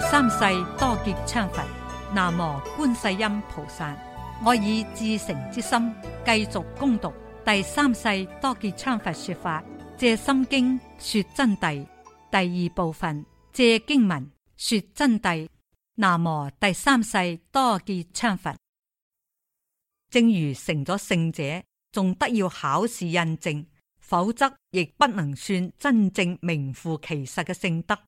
第三世多杰羌佛，南無觀世音菩薩。我以至誠之心繼續攻讀第三世多杰羌佛說法，借心經說真諦第二部分，借經文說真諦。南無第三世多杰羌佛，正如成咗聖者，仲得要考試印證，否則亦不能算真正名副其實嘅聖德。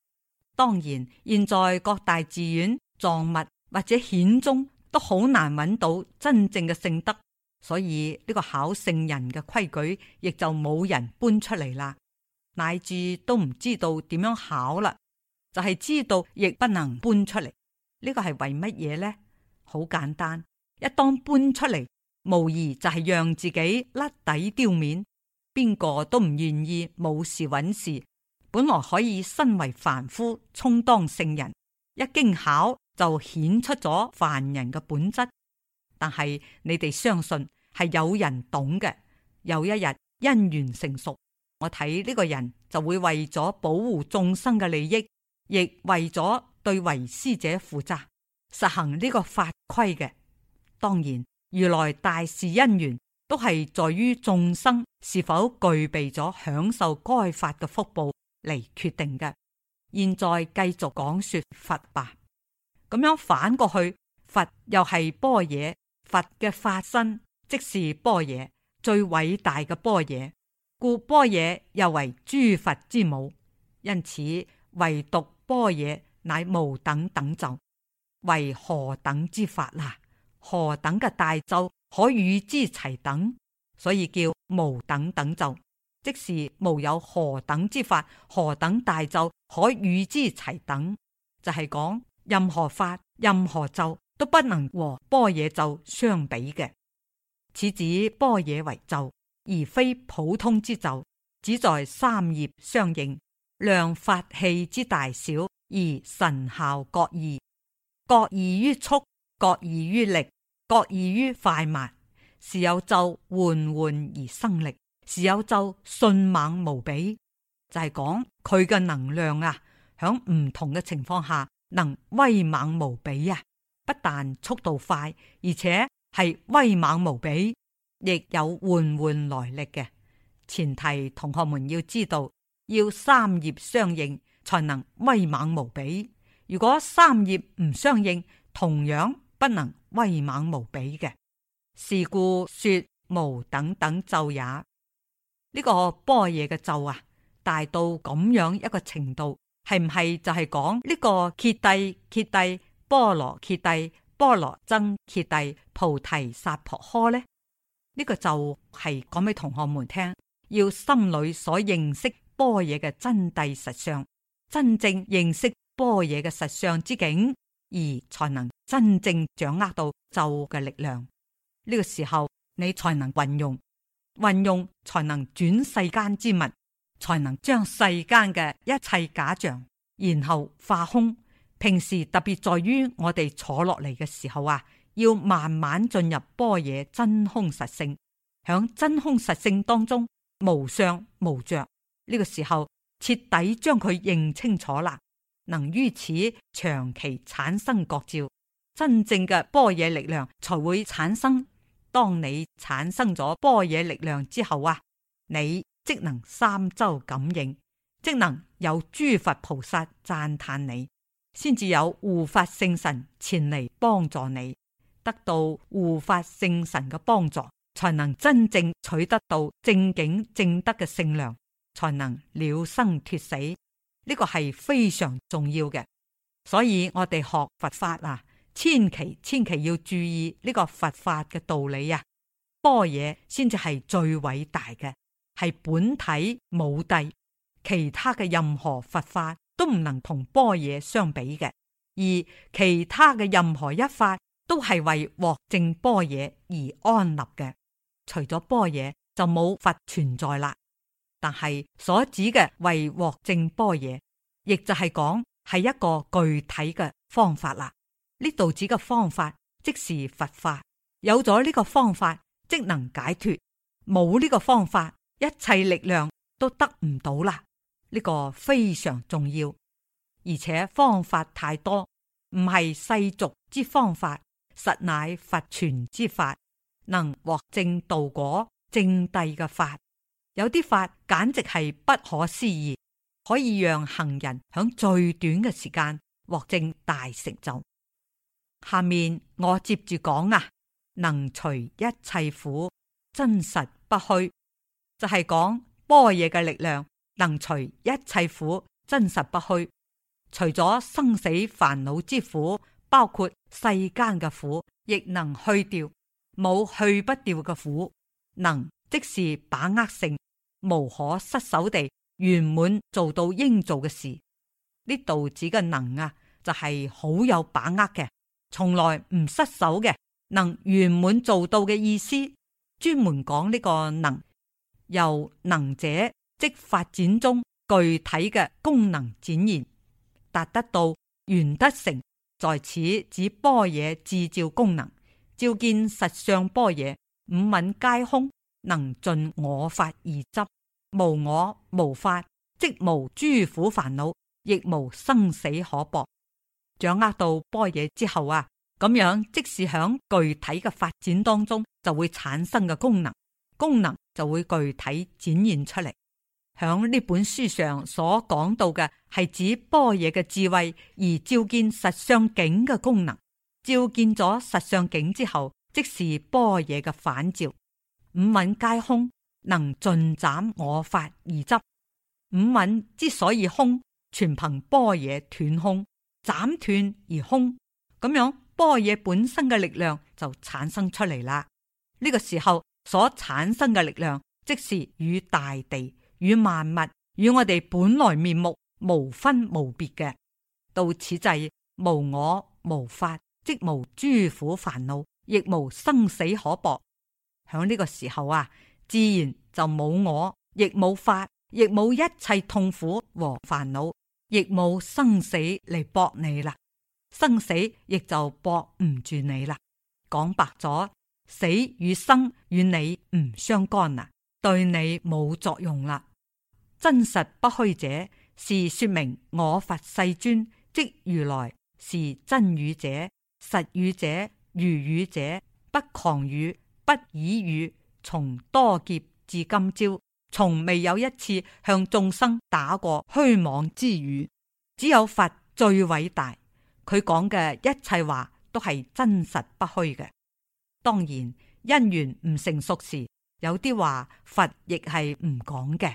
當然，現在各大寺院、藏密或者顯宗都好難揾到真正嘅聖德，所以呢個考聖人嘅規矩亦就冇人搬出嚟啦，乃至都唔知道點樣考啦，就係知道亦不能搬出嚟。呢個係為乜嘢呢？好簡單，一當搬出嚟，無疑就係讓自己甩底丟面，邊個都唔願意冇事揾事。本來可以身為凡夫，充當聖人，一經考就顯出咗凡人嘅本質。但係你哋相信係有人懂嘅，有一日因緣成熟，我睇呢個人就會為咗保護眾生嘅利益，亦為咗對為師者負責，實行呢個法規嘅。當然，如來大事因緣都係在於眾生是否具備咗享受該法嘅福報。嚟決定嘅。現在繼續講說佛吧。咁樣反過去，佛又係般若，佛嘅化身即是般若，最偉大嘅般若，故般若又為諸佛之母。因此，唯獨般若乃無等等咒，為何等之法啊？何等嘅大咒可與之齊等？所以叫無等等咒。即是無有何等之法，何等大咒可與之齊等，就係、是、講任何法、任何咒都不能和般若咒相比嘅。此指般若為咒，而非普通之咒。只在三業相應，量法器之大小而神效各異，各異於速，各異於力，各異於快慢。是有咒緩緩而生力。只有就迅猛無比，就係講佢嘅能量啊，響唔同嘅情況下能威猛無比啊！不但速度快，而且係威猛無比，亦有緩緩來歷嘅。前提同學們要知道，要三業相應才能威猛無比。如果三業唔相應，同樣不能威猛無比嘅。是故說無等等咒也。呢個般若嘅咒啊，大到咁樣一個程度，係唔係就係講呢個揭諦揭諦波羅揭諦波羅僧揭諦菩提薩婆訶呢？呢個咒係講俾同學們聽，要心裏所認識般若嘅真諦實相，真正認識般若嘅實相之境，而才能真正掌握到咒嘅力量。呢個時候，你才能運用。運用才能轉世間之物，才能將世間嘅一切假象，然後化空。平時特別在於我哋坐落嚟嘅時候啊，要慢慢進入般若真空實性。響真空實性當中，無相無著，呢、這個時候徹底將佢認清楚啦。能於此長期產生覺照，真正嘅般若力量才會產生。當你產生咗般若力量之後啊，你即能三周感應，即能有諸佛菩薩讚嘆你，先至有護法聖神前嚟幫助你，得到護法聖神嘅幫助，才能真正取得到正經正德嘅聖量，才能了生脫死。呢、這個係非常重要嘅，所以我哋學佛法啊。千祈千祈要注意呢個佛法嘅道理啊！般若先至係最偉大嘅，係本體武帝，其他嘅任何佛法都唔能同般若相比嘅。而其他嘅任何一法都係為獲證般若而安立嘅，除咗般若就冇佛存在啦。但係所指嘅為獲證般若，亦就係講係一個具體嘅方法啦。呢度指嘅方法即是佛法，有咗呢個方法即能解脫，冇呢個方法一切力量都得唔到啦。呢、呢個非常重要，而且方法太多，唔係世俗之方法，實乃佛傳之法，能獲正道果正諦嘅法。有啲法簡直係不可思議，可以讓行人響最短嘅時間獲證大成就。下面我接住講啊，能除一切苦，真實不虛，就係講般若嘅力量能除一切苦，真實不虛，除咗生死煩惱之苦，包括世間嘅苦，亦能去掉，冇去不掉嘅苦。能即是把握性，無可失手地圓滿做到應做嘅事。呢度指嘅能啊，就係、是、好有把握嘅。從來唔失手嘅，能圓滿做到嘅意思，專門講呢個能，由能者即發展中具體嘅功能展現，達得到圓得成。在此指般若自照功能，照見實相般若，五蘊皆空，能盡我法而執，無我無法，即無諸苦煩惱，亦無生死可搏。掌握到般若之後啊，咁樣即是響具體嘅發展當中就會產生嘅功能，功能就會具體展現出嚟。響呢本書上所講到嘅係指般若嘅智慧而照見實相境嘅功能，照見咗實相境之後，即是般若嘅反照五蘊皆空，能盡斬我法二執。五蘊之所以空，全憑般若斷空。斬斷而空，咁樣般若本身嘅力量就產生出嚟啦。呢、這個時候所產生嘅力量，即是與大地、與萬物、與我哋本來面目無分無別嘅。到此際、就是，無我、無法，即無諸苦煩惱，亦無生死可搏。響呢個時候啊，自然就冇我，亦冇法，亦冇一切痛苦和煩惱。亦冇生死嚟搏你啦，生死亦就搏唔住你啦。講白咗，死與生與你唔相干啦，對你冇作用啦。真實不虛者，是說明我佛世尊即如來是真語者、實語者、如語者，不誑語、不異語，從多劫至今朝。從未有一次向眾生打過虛妄之語，只有佛最偉大。佢講嘅一切話都係真實不虛嘅。當然因緣唔成熟時，有啲話佛亦係唔講嘅，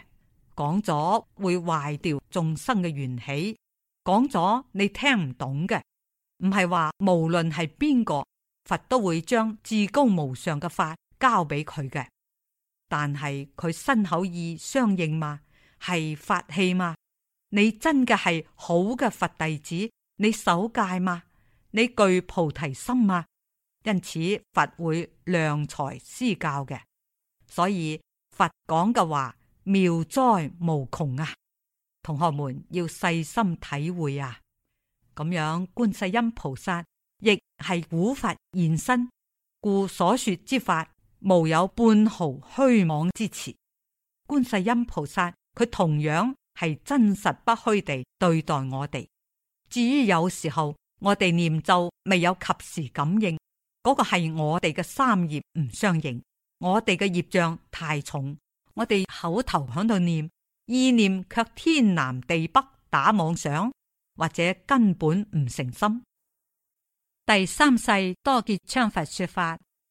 講咗會壞掉眾生嘅緣起，講咗你聽唔懂嘅，唔係話無論係邊個佛都會將至高無上嘅法交俾佢嘅。但係佢身口意相應嘛，係法器嘛，你真嘅係好嘅佛弟子，你守戒嘛，你具菩提心嘛，因此佛會量才施教嘅，所以佛講嘅話妙哉無窮啊！同學們要細心體會啊！咁樣觀世音菩薩亦係古佛現身，故所說之法。無有半毫虛妄之詞，觀世音菩薩佢同樣係真實不虛地對待我哋。至於有時候我哋念咒未有及時感應，嗰、那個係我哋嘅三業唔相應，我哋嘅業障太重，我哋口頭響度念，意念卻天南地北打妄想，或者根本唔誠心。第三世多杰羌佛說法。